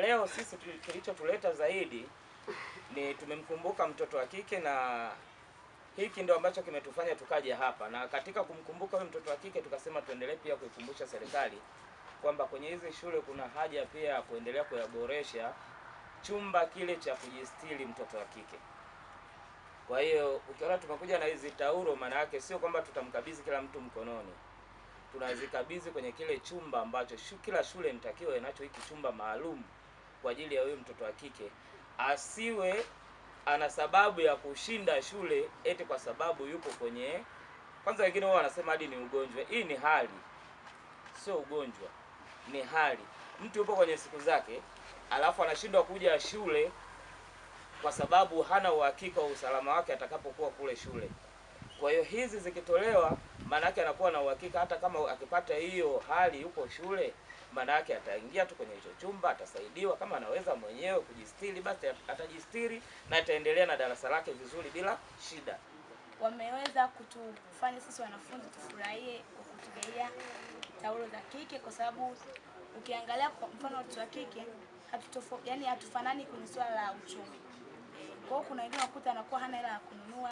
Leo sisi kilichotuleta zaidi ni tumemkumbuka mtoto wa kike, na hiki ndio ambacho kimetufanya tukaja hapa, na katika kumkumbuka huyu mtoto wa kike tukasema tuendelee pia kuikumbusha serikali kwamba kwenye hizi shule kuna haja pia ya kuendelea kuyaboresha chumba kile cha kujistiri mtoto wa kike. Kwa hiyo ukiona tumekuja na hizi taulo, maana yake sio kwamba tutamkabidhi kila mtu mkononi tunazikabidhi kwenye kile chumba ambacho shu, kila shule inatakiwa inacho hiki chumba maalum kwa ajili ya huyu mtoto wa kike, asiwe ana sababu ya kushinda shule eti kwa sababu yupo kwenye kwanza. Wengine wao wanasema hadi ni ugonjwa. Hii ni hali, sio ugonjwa, ni hali. Mtu yupo kwenye siku zake, alafu anashindwa kuja shule kwa sababu hana uhakika wa usalama wake atakapokuwa kule shule. Kwa hiyo hizi zikitolewa maana yake anakuwa na uhakika hata kama akipata hiyo hali yuko shule, yake ataingia tu kwenye hicho chumba, atasaidiwa. Kama anaweza mwenyewe kujistiri, basi atajistiri na ataendelea na darasa lake vizuri bila shida. Wameweza kutufanya sisi wanafunzi tufurahie kwa kutugeia taulo za kike, kwa sababu ukiangalia kwa mfano watu wa kike hatutofo, yani hatufanani kwenye swala la uchumi. Kwa hiyo kuna wengine wakuta anakuwa hana hela ya kununua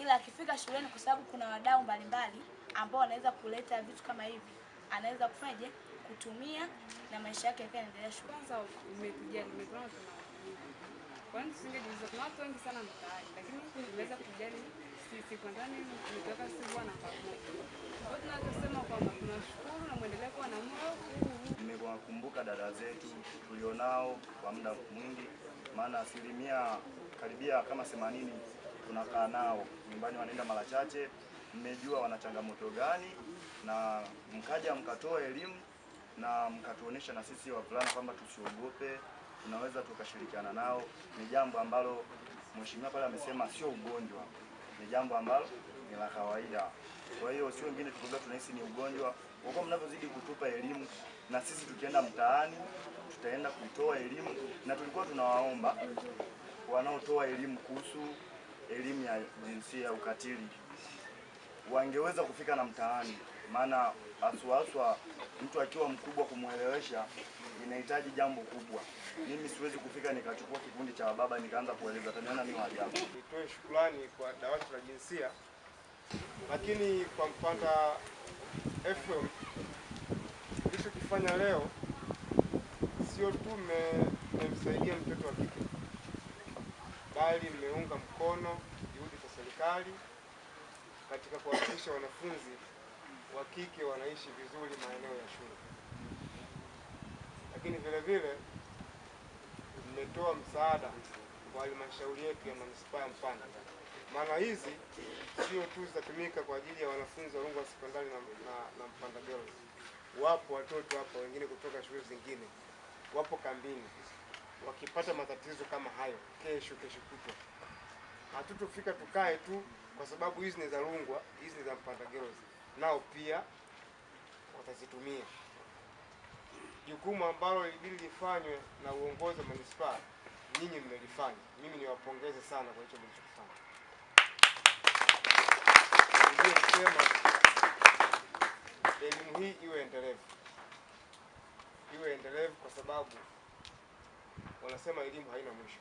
ila akifika shuleni, kwa sababu kuna wadau mbalimbali ambao wanaweza kuleta vitu kama hivi, anaweza kufanyaje kutumia na maisha yake pia yanaendelea shule. Kwanza umekuja nimekuona, umekuwa kwani tusingejiuliza, kuna watu wengi sana mtaani, lakini umeweza kujali sisi kwa ndani, umetoka sisi bwana kwa pamoja. Kwa tunachosema kwamba tunashukuru na muendelee kuwa na moyo mmewakumbuka dada zetu tulionao kwa muda mwingi, maana asilimia karibia kama themanini tunakaa nao nyumbani, wanaenda mara chache, mmejua wana changamoto gani, na mkaja mkatoa elimu na mkatuonesha na sisi wavulana kwamba tusiogope, tunaweza tukashirikiana nao. Ni jambo ambalo mheshimiwa pale amesema sio ugonjwa, ni jambo ambalo ni la kawaida. Kwa hiyo sio wengine tukiambiwa tunahisi ni ugonjwa. Kwa mnavyozidi kutupa elimu, na sisi tukienda mtaani tutaenda kutoa elimu, na tulikuwa tunawaomba wanaotoa elimu kuhusu elimu ya jinsia ya ukatili wangeweza kufika na mtaani, maana aswaswa mtu akiwa mkubwa kumwelewesha inahitaji jambo kubwa. Mimi siwezi kufika nikachukua kikundi cha baba nikaanza kueleza taniana ni waajabu. Nitoe shukrani kwa dawati la jinsia, lakini kwa Mpanda FM ilichokifanya leo sio tu mmemsaidia hali mmeunga mkono juhudi za serikali katika kuhakikisha wanafunzi wa kike wanaishi vizuri maeneo ya shule, lakini vile vile mmetoa msaada kwa halmashauri yetu ya manispaa ya Mpanda. Maana hizi sio tu zitatumika kwa ajili ya wanafunzi wa Rungwa sekondari na, na, na Mpanda Girls. Wapo watoto hapa wengine kutoka shule zingine, wapo kambini wakipata matatizo kama hayo kesho kesho kutwa. Hatutofika tukae tu, kwa sababu hizi ni za Rungwa, hizi ni za Mpanda Girls, nao pia watazitumia. Jukumu ambalo ilibidi lifanywe na uongozi wa manispaa, nyinyi mmelifanya. Mimi niwapongeze sana kwa hicho mlichokifanya. Ndio kusema elimu hii iwe endelevu, iwe endelevu kwa sababu wanasema elimu haina mwisho.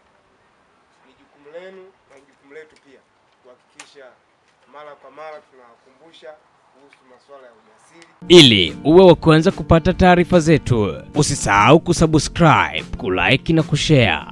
Ni jukumu lenu na jukumu letu pia kuhakikisha mara kwa mara tunawakumbusha kuhusu masuala ya ujasiri. Ili uwe wa kwanza kupata taarifa zetu, usisahau kusubscribe, kulike na kushare.